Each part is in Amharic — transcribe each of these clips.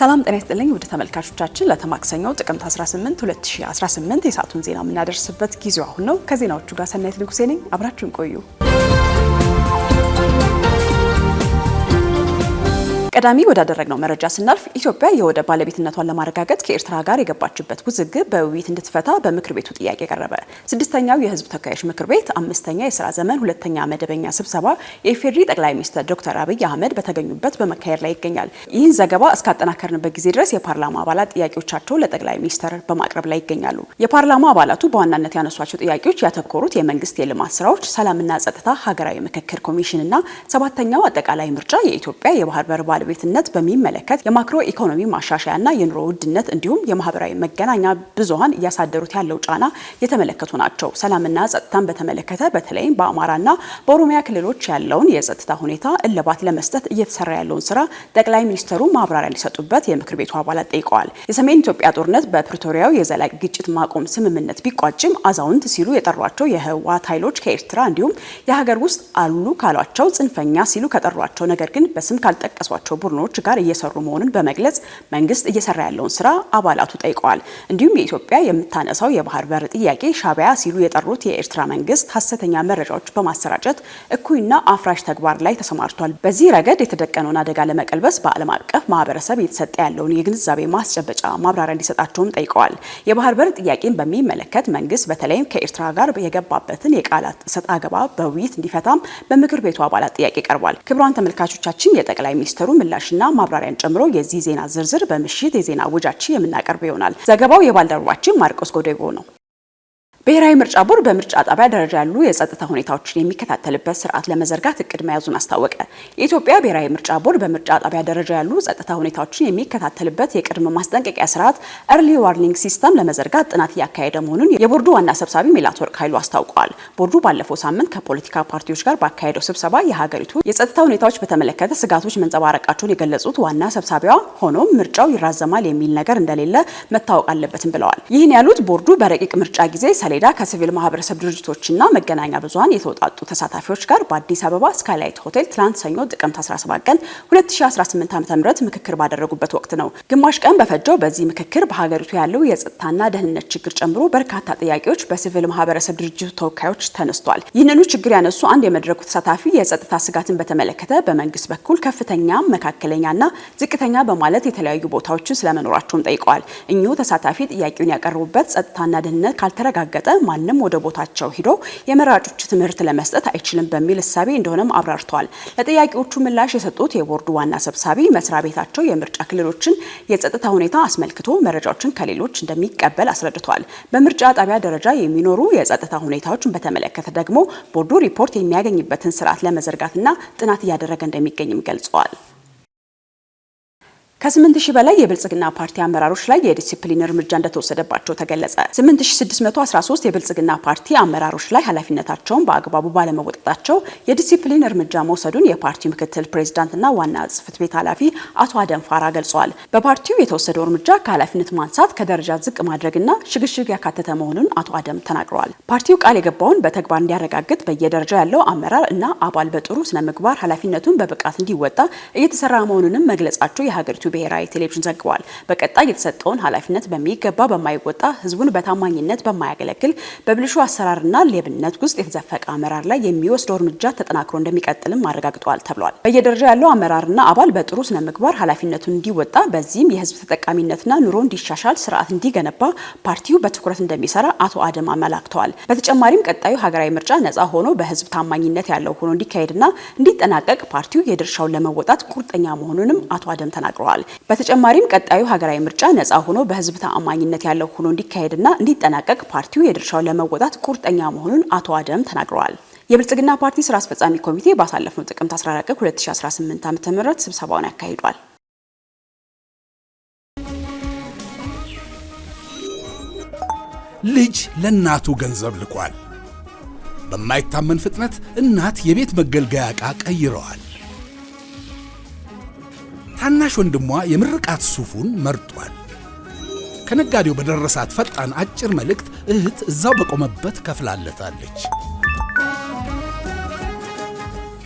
ሰላም ጤና ይስጥልኝ ውድ ተመልካቾቻችን፣ ለተማክሰኞው ጥቅምት 18 2018 የሰዓቱን ዜና የምናደርስበት ጊዜው አሁን ነው። ከዜናዎቹ ጋር ሰናይት ንጉሴ ነኝ። አብራችሁን ቆዩ። ቀዳሚ ወዳደረግነው መረጃ ስናልፍ ኢትዮጵያ የወደብ ባለቤትነቷን ለማረጋገጥ ከኤርትራ ጋር የገባችበት ውዝግብ በውይይት እንድትፈታ በምክር ቤቱ ጥያቄ ቀረበ። ስድስተኛው የሕዝብ ተወካዮች ምክር ቤት አምስተኛ የስራ ዘመን ሁለተኛ መደበኛ ስብሰባ የኢፌዴሪ ጠቅላይ ሚኒስትር ዶክተር አብይ አህመድ በተገኙበት በመካሄድ ላይ ይገኛል። ይህን ዘገባ እስካጠናከርንበት ጊዜ ድረስ የፓርላማ አባላት ጥያቄዎቻቸው ለጠቅላይ ሚኒስትር በማቅረብ ላይ ይገኛሉ። የፓርላማ አባላቱ በዋናነት ያነሷቸው ጥያቄዎች ያተኮሩት የመንግስት የልማት ስራዎች፣ ሰላምና ጸጥታ፣ ሀገራዊ ምክክር ኮሚሽን እና ሰባተኛው አጠቃላይ ምርጫ የኢትዮጵያ የባህር በር ባለቤትነት በሚመለከት የማክሮ ኢኮኖሚ ማሻሻያና የኑሮ ውድነት እንዲሁም የማህበራዊ መገናኛ ብዙሀን እያሳደሩት ያለው ጫና የተመለከቱ ናቸው። ሰላምና ጸጥታን በተመለከተ በተለይም በአማራና በኦሮሚያ ክልሎች ያለውን የጸጥታ ሁኔታ እልባት ለመስጠት እየተሰራ ያለውን ስራ ጠቅላይ ሚኒስትሩ ማብራሪያ ሊሰጡበት የምክር ቤቱ አባላት ጠይቀዋል። የሰሜን ኢትዮጵያ ጦርነት በፕሪቶሪያው የዘላቂ ግጭት ማቆም ስምምነት ቢቋጭም አዛውንት ሲሉ የጠሯቸው የህወሓት ኃይሎች ከኤርትራ እንዲሁም የሀገር ውስጥ አሉ ካሏቸው ጽንፈኛ ሲሉ ከጠሯቸው ነገር ግን በስም ካልጠቀሷቸው ካላቸው ቡድኖች ጋር እየሰሩ መሆኑን በመግለጽ መንግስት እየሰራ ያለውን ስራ አባላቱ ጠይቀዋል። እንዲሁም የኢትዮጵያ የምታነሳው የባህር በር ጥያቄ ሻቢያ ሲሉ የጠሩት የኤርትራ መንግስት ሀሰተኛ መረጃዎች በማሰራጨት እኩይና አፍራሽ ተግባር ላይ ተሰማርቷል። በዚህ ረገድ የተደቀነውን አደጋ ለመቀልበስ በዓለም አቀፍ ማህበረሰብ እየተሰጠ ያለውን የግንዛቤ ማስጨበጫ ማብራሪያ እንዲሰጣቸውም ጠይቀዋል። የባህር በር ጥያቄን በሚመለከት መንግስት በተለይም ከኤርትራ ጋር የገባበትን የቃላት እሰጥ አገባ በውይይት እንዲፈታም በምክር ቤቱ አባላት ጥያቄ ቀርቧል። ክቡራን ተመልካቾቻችን የጠቅላይ ሚኒስትሩ ምላሽና ማብራሪያን ጨምሮ የዚህ ዜና ዝርዝር በምሽት የዜና ውጃችን የምናቀርብ ይሆናል። ዘገባው የባልደረባችን ማርቆስ ጎዴቦ ነው። ብሔራዊ ምርጫ ቦርድ በምርጫ ጣቢያ ደረጃ ያሉ የጸጥታ ሁኔታዎችን የሚከታተልበት ስርዓት ለመዘርጋት እቅድ መያዙን አስታወቀ። የኢትዮጵያ ብሔራዊ ምርጫ ቦርድ በምርጫ ጣቢያ ደረጃ ያሉ ጸጥታ ሁኔታዎችን የሚከታተልበት የቅድመ ማስጠንቀቂያ ስርዓት ኤርሊ ዋርኒንግ ሲስተም ለመዘርጋት ጥናት እያካሄደ መሆኑን የቦርዱ ዋና ሰብሳቢ ሜላትወርቅ ኃይሉ አስታውቀዋል። ቦርዱ ባለፈው ሳምንት ከፖለቲካ ፓርቲዎች ጋር ባካሄደው ስብሰባ የሀገሪቱ የጸጥታ ሁኔታዎች በተመለከተ ስጋቶች መንጸባረቃቸውን የገለጹት ዋና ሰብሳቢዋ፣ ሆኖም ምርጫው ይራዘማል የሚል ነገር እንደሌለ መታወቅ አለበትም ብለዋል። ይህን ያሉት ቦርዱ በረቂቅ ምርጫ ጊዜ ሰሌ ሜዳ ከሲቪል ማህበረሰብ ድርጅቶችና መገናኛ ብዙሀን የተውጣጡ ተሳታፊዎች ጋር በአዲስ አበባ ስካይላይት ሆቴል ትላንት ሰኞ ጥቅምት 17 ቀን 2018 ዓ.ም ምክክር ባደረጉበት ወቅት ነው። ግማሽ ቀን በፈጀው በዚህ ምክክር በሀገሪቱ ያለው የጸጥታና ደህንነት ችግር ጨምሮ በርካታ ጥያቄዎች በሲቪል ማህበረሰብ ድርጅቱ ተወካዮች ተነስቷል። ይህንኑ ችግር ያነሱ አንድ የመድረኩ ተሳታፊ የጸጥታ ስጋትን በተመለከተ በመንግስት በኩል ከፍተኛ፣ መካከለኛና ዝቅተኛ በማለት የተለያዩ ቦታዎችን ስለመኖራቸውም ጠይቀዋል። እኚሁ ተሳታፊ ጥያቄውን ያቀረቡበት ጸጥታና ደህንነት ካልተረጋገጠ ካልተመረጠ ማንም ወደ ቦታቸው ሂዶ የመራጮች ትምህርት ለመስጠት አይችልም በሚል እሳቤ እንደሆነም አብራርተዋል። ለጥያቄዎቹ ምላሽ የሰጡት የቦርዱ ዋና ሰብሳቢ መስሪያ ቤታቸው የምርጫ ክልሎችን የጸጥታ ሁኔታ አስመልክቶ መረጃዎችን ከሌሎች እንደሚቀበል አስረድተዋል። በምርጫ ጣቢያ ደረጃ የሚኖሩ የጸጥታ ሁኔታዎችን በተመለከተ ደግሞ ቦርዱ ሪፖርት የሚያገኝበትን ስርዓት ለመዘርጋትና ጥናት እያደረገ እንደሚገኝም ገልጸዋል። ከስምንት ሺህ በላይ የብልጽግና ፓርቲ አመራሮች ላይ የዲሲፕሊን እርምጃ እንደተወሰደባቸው ተገለጸ። 8613 የብልጽግና ፓርቲ አመራሮች ላይ ኃላፊነታቸውን በአግባቡ ባለመወጣታቸው የዲሲፕሊን እርምጃ መውሰዱን የፓርቲው ምክትል ፕሬዚዳንትና ዋና ጽህፈት ቤት ኃላፊ አቶ አደንፋራ ገልጸዋል። በፓርቲው የተወሰደው እርምጃ ከኃላፊነት ማንሳት፣ ከደረጃ ዝቅ ማድረግና ሽግሽግ ያካተተ መሆኑን አቶ አደም ተናግረዋል። ፓርቲው ቃል የገባውን በተግባር እንዲያረጋግጥ በየደረጃው ያለው አመራር እና አባል በጥሩ ስነምግባር ኃላፊነቱን በብቃት እንዲወጣ እየተሰራ መሆኑንም መግለጻቸው የሀገሪቱ ብሔራዊ ቴሌቪዥን ዘግቧል። በቀጣይ የተሰጠውን ኃላፊነት በሚገባ በማይወጣ ህዝቡን በታማኝነት በማያገለግል በብልሹ አሰራርና ሌብነት ውስጥ የተዘፈቀ አመራር ላይ የሚወስደው እርምጃ ተጠናክሮ እንደሚቀጥልም አረጋግጧል ተብሏል። በየደረጃ ያለው አመራርና አባል በጥሩ ስነ ምግባር ኃላፊነቱን እንዲወጣ በዚህም የህዝብ ተጠቃሚነትና ኑሮ እንዲሻሻል ስርዓት እንዲገነባ ፓርቲው በትኩረት እንደሚሰራ አቶ አደም አመላክተዋል። በተጨማሪም ቀጣዩ ሀገራዊ ምርጫ ነፃ ሆኖ በህዝብ ታማኝነት ያለው ሆኖ እንዲካሄድና እንዲጠናቀቅ ፓርቲው የድርሻውን ለመወጣት ቁርጠኛ መሆኑንም አቶ አደም ተናግረዋል። ተናግረዋል። በተጨማሪም ቀጣዩ ሀገራዊ ምርጫ ነጻ ሆኖ በህዝብ ተአማኝነት ያለው ሆኖ እንዲካሄድና እንዲጠናቀቅ ፓርቲው የድርሻውን ለመወጣት ቁርጠኛ መሆኑን አቶ አደም ተናግረዋል። የብልጽግና ፓርቲ ስራ አስፈጻሚ ኮሚቴ ባሳለፍነው ጥቅምት 14 ቀን 2018 ዓ.ም ስብሰባውን ያካሂዷል። ልጅ ለእናቱ ገንዘብ ልኳል። በማይታመን ፍጥነት እናት የቤት መገልገያ ዕቃ ቀይረዋል። ታናሽ ወንድሟ የምርቃት ሱፉን መርጧል። ከነጋዴው በደረሳት ፈጣን አጭር መልእክት እህት እዛው በቆመበት ከፍላለታለች።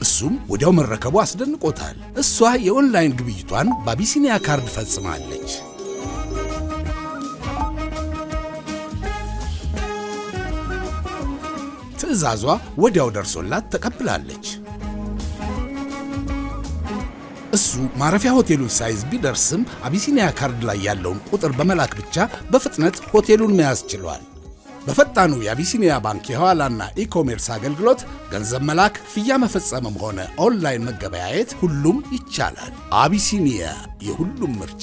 እሱም ወዲያው መረከቡ አስደንቆታል። እሷ የኦንላይን ግብይቷን በአቢሲኒያ ካርድ ፈጽማለች። ትዕዛዟ ወዲያው ደርሶላት ተቀብላለች። እሱ ማረፊያ ሆቴሉን ሳይዝ ቢደርስም አቢሲኒያ ካርድ ላይ ያለውን ቁጥር በመላክ ብቻ በፍጥነት ሆቴሉን መያዝ ችሏል። በፈጣኑ የአቢሲኒያ ባንክ የሐዋላና ኢኮሜርስ አገልግሎት ገንዘብ መላክ፣ ፍያ መፈጸምም ሆነ ኦንላይን መገበያየት ሁሉም ይቻላል። አቢሲኒያ የሁሉም ምርጫ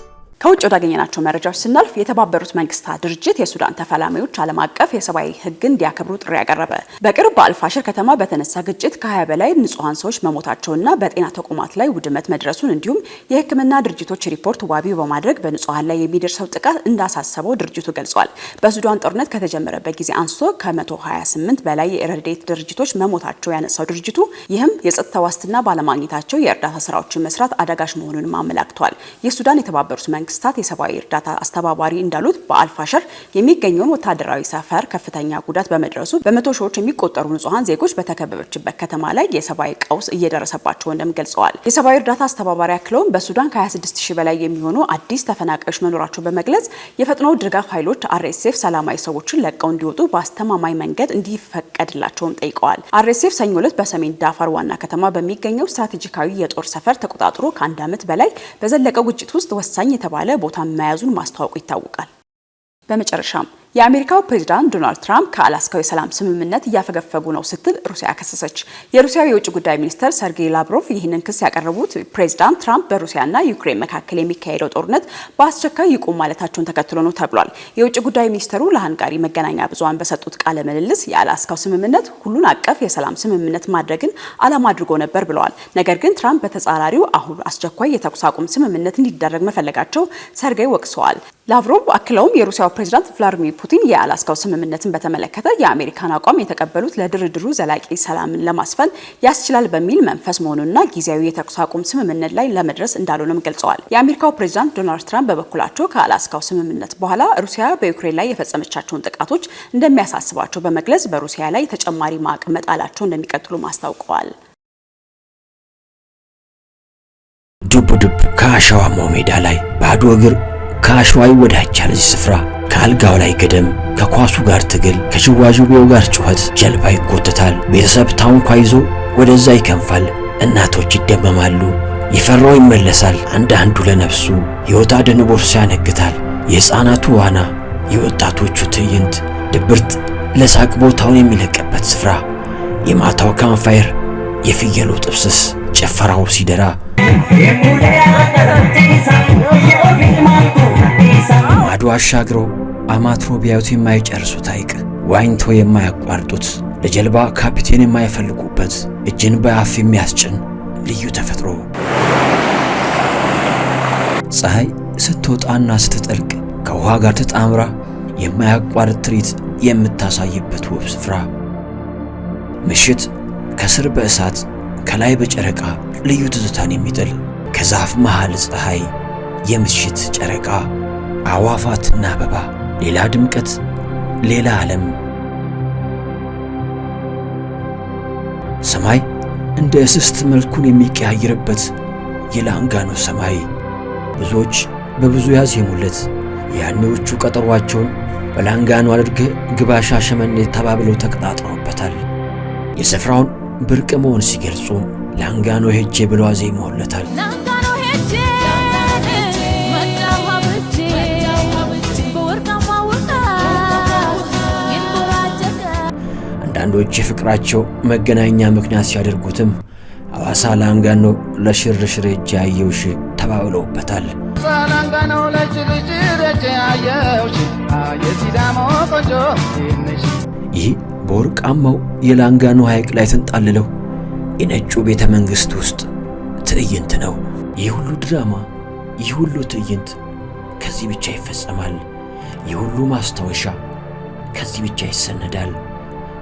ከውጭ ወዳገኘናቸው መረጃዎች ስናልፍ የተባበሩት መንግስታት ድርጅት የሱዳን ተፈላሚዎች ዓለም አቀፍ የሰብአዊ ሕግ እንዲያከብሩ ጥሪ ያቀረበ። በቅርብ በአልፋሽር ከተማ በተነሳ ግጭት ከ20 በላይ ንጹሐን ሰዎች መሞታቸውና በጤና ተቋማት ላይ ውድመት መድረሱን እንዲሁም የሕክምና ድርጅቶች ሪፖርት ዋቢ በማድረግ በንጹሐን ላይ የሚደርሰው ጥቃት እንዳሳሰበው ድርጅቱ ገልጿል። በሱዳን ጦርነት ከተጀመረበት ጊዜ አንስቶ ከ128 በላይ የረድኤት ድርጅቶች መሞታቸው ያነሳው ድርጅቱ ይህም የጸጥታ ዋስትና ባለማግኘታቸው የእርዳታ ስራዎችን መስራት አዳጋች መሆኑንም አመላክቷል። የሱዳን የተባበሩት መንግስት መንግስታት የሰብአዊ እርዳታ አስተባባሪ እንዳሉት በአልፋሸር የሚገኘውን ወታደራዊ ሰፈር ከፍተኛ ጉዳት በመድረሱ በመቶ ሺዎች የሚቆጠሩ ንጹሐን ዜጎች በተከበበችበት ከተማ ላይ የሰብአዊ ቀውስ እየደረሰባቸው እንደም ገልጸዋል። የሰብአዊ እርዳታ አስተባባሪ አክለውም በሱዳን ከ26 ሺህ በላይ የሚሆኑ አዲስ ተፈናቃዮች መኖራቸው በመግለጽ የፈጥኖ ድጋፍ ኃይሎች አርኤስኤፍ ሰላማዊ ሰዎችን ለቀው እንዲወጡ በአስተማማኝ መንገድ እንዲፈቀድላቸውም ጠይቀዋል። አርኤስኤፍ ሰኞ ዕለት በሰሜን ዳፋር ዋና ከተማ በሚገኘው ስትራቴጂካዊ የጦር ሰፈር ተቆጣጥሮ ከአንድ ዓመት በላይ በዘለቀው ግጭት ውስጥ ወሳኝ የተባለ የተባለ ቦታ መያዙን ማስታወቁ ይታወቃል። በመጨረሻም የአሜሪካው ፕሬዝዳንት ዶናልድ ትራምፕ ከአላስካው የሰላም ስምምነት እያፈገፈጉ ነው ስትል ሩሲያ ከሰሰች። የሩሲያ የውጭ ጉዳይ ሚኒስትር ሰርጌይ ላቭሮቭ ይህንን ክስ ያቀረቡት ፕሬዝዳንት ትራምፕ በሩሲያና ዩክሬን መካከል የሚካሄደው ጦርነት በአስቸኳይ ይቁም ማለታቸውን ተከትሎ ነው ተብሏል። የውጭ ጉዳይ ሚኒስትሩ ለሀንጋሪ መገናኛ ብዙሃን በሰጡት ቃለ ምልልስ የአላስካው ስምምነት ሁሉን አቀፍ የሰላም ስምምነት ማድረግን ዓላማ አድርጎ ነበር ብለዋል። ነገር ግን ትራምፕ በተጻራሪው አሁን አስቸኳይ የተኩስ አቁም ስምምነት እንዲደረግ መፈለጋቸው ሰርጌይ ወቅሰዋል። ላቭሮቭ አክለውም የሩሲያው ፕሬዝዳንት ቭላዲሚር ፑቲን የአላስካው ስምምነትን በተመለከተ የአሜሪካን አቋም የተቀበሉት ለድርድሩ ዘላቂ ሰላምን ለማስፈን ያስችላል በሚል መንፈስ መሆኑንና ጊዜያዊ የተኩስ አቁም ስምምነት ላይ ለመድረስ እንዳልሆነም ገልጸዋል። የአሜሪካው ፕሬዝዳንት ዶናልድ ትራምፕ በበኩላቸው ከአላስካው ስምምነት በኋላ ሩሲያ በዩክሬን ላይ የፈጸመቻቸውን ጥቃቶች እንደሚያሳስባቸው በመግለጽ በሩሲያ ላይ ተጨማሪ ማዕቀብ መጣላቸው እንደሚቀጥሉ አስታውቀዋል። ዱብ ዱብ ከአሸዋማው ሜዳ ላይ ባዶ እግር ከአሸዋ ይወዳጃል እዚህ ስፍራ ከአልጋው ላይ ገደም፣ ከኳሱ ጋር ትግል፣ ከሽዋዥዌው ጋር ጩኸት ጀልባ ይጎተታል። ቤተሰብ ታንኳ ይዞ ወደዛ ይከንፋል። እናቶች ይደመማሉ። የፈራው ይመለሳል። አንዳንዱ ለነፍሱ ሕይወት አድን ቦርሳ ያነግታል። የሕፃናቱ ዋና፣ የወጣቶቹ ትዕይንት፣ ድብርት ለሳቅ ቦታውን የሚለቀበት ስፍራ፣ የማታው ካምፋየር፣ የፍየሉ ጥብስስ፣ ጭፈራው ሲደራ ማዶ አሻግረው አማትሮ ቢያዩት የማይጨርሱት ሐይቅ፣ ዋኝቶ የማያቋርጡት፣ ለጀልባ ካፒቴን የማይፈልጉበት፣ እጅን በአፍ የሚያስጭን ልዩ ተፈጥሮ። ፀሐይ ስትወጣና ስትጠልቅ ከውሃ ጋር ተጣምራ የማያቋርጥ ትርኢት የምታሳይበት ውብ ስፍራ። ምሽት ከስር በእሳት ከላይ በጨረቃ ልዩ ትዝታን የሚጥል ከዛፍ መሃል ፀሐይ የምሽት ጨረቃ አዋፋትና አበባ፣ ሌላ ድምቀት፣ ሌላ ዓለም። ሰማይ እንደ እስስት መልኩን የሚቀያየርበት የላንጋኖ ሰማይ ብዙዎች በብዙ ያዜሙለት። ያኔዎቹ ቀጠሯቸውን በላንጋኖ አድርገ ግባሻ ሸመኔ ተባብለው ተቀጣጥረውበታል። የስፍራውን ብርቅ መሆን ሲገልጹ ላንጋኖ ሄጄ ብለው አዜመውለታል። አንዳንዶች የፍቅራቸው መገናኛ ምክንያት ሲያደርጉትም ሐዋሳ ላንጋኖ ለሽርሽር እጅ አየውሽ ተባብለውበታል። ይህ በወርቃማው የላንጋኖ ሐይቅ ላይ ተንጣልለው የነጩ ቤተ መንግሥት ውስጥ ትዕይንት ነው። ይህ ሁሉ ድራማ፣ ይህ ሁሉ ትዕይንት ከዚህ ብቻ ይፈጸማል። ይህ ሁሉ ማስታወሻ ከዚህ ብቻ ይሰነዳል።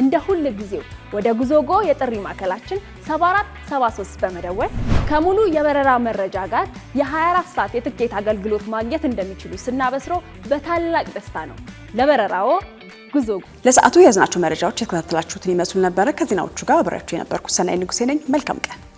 እንደ ሁል ጊዜው ወደ ጉዞጎ የጥሪ ማዕከላችን 7473 በመደወል ከሙሉ የበረራ መረጃ ጋር የ24 ሰዓት የትኬት አገልግሎት ማግኘት እንደሚችሉ ስናበስሮ በታላቅ ደስታ ነው። ለበረራዎ ጉዞጎ። ለሰዓቱ የያዝናቸው መረጃዎች የተከታተላችሁትን ይመስሉ ነበረ። ከዜናዎቹ ጋር አብሬያችሁ የነበርኩት ሰናይ ንጉሴ ነኝ። መልካም ቀን።